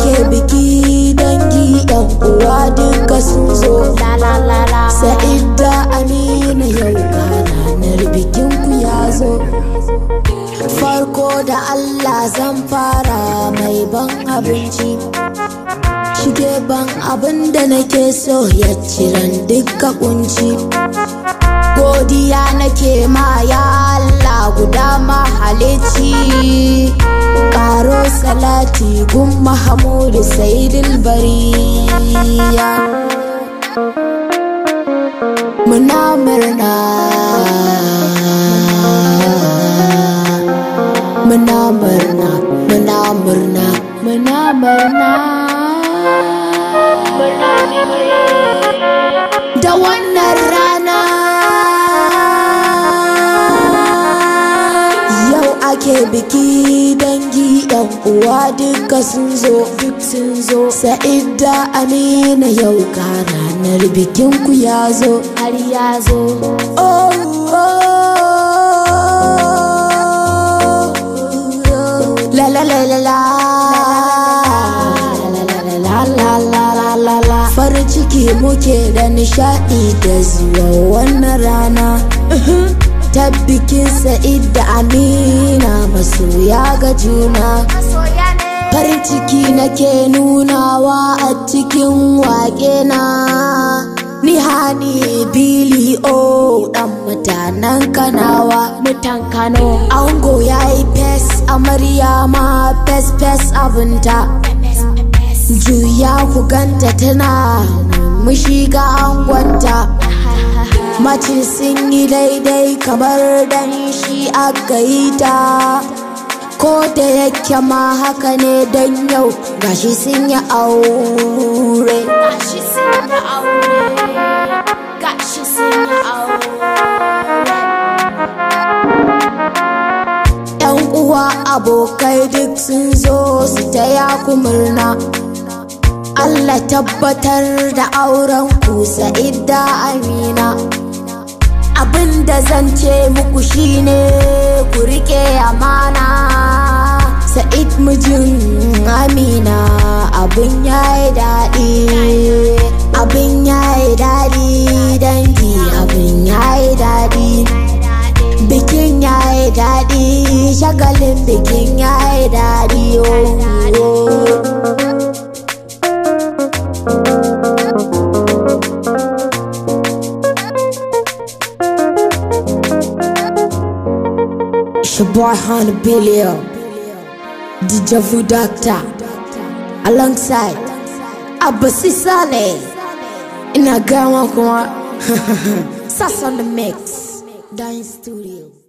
ke biki dangi yan uwa duka sun zo sa'idda amina yau ranar bikin ku ya zo farko da allah zan fara mai ban abinci shige ban abin da nake so ya ciran duka kunci godiya nake ma ya allah guda mahalicci salati gun mahamudu sayidil bariya muna murna muna murna muna murna muna murna da wannan rana yau ake biki da uwa duka sun zo duk sun zo sa'idda amina yau ga ranar bikin ku ya zo har ya zo farin ciki muke da nishaɗi da zuwa wannan rana tabbikin sa'id da amina masoya ga juna farin ciki nake nunawa a cikin waƙe na ni hani bili o dan mutanen kanawa mutan kano ango ya yi fes amarya ma fes fes abinta juya ku ganta tana ga angonta mace sun yi daidai kamar dan shi a gaita ko da yake ma haka ne don yau gashi sun yi aure sun yi aure yan uwa abokai duk sun zo su ta ku murna Allah tabbatar da auren kusa idda amina abin da zan ce muku shine ku rike amana sa'id mijin amina abin yayi daɗi abin yayi daɗi dangi abin yayi daɗi bikin yayi daɗi shagalin bikin yayi daɗi oh, oh. boy Hunter Billio, DJ Vu Doctor, alongside Abasi Sale, and I got one Sass on the mix, Dying Studio.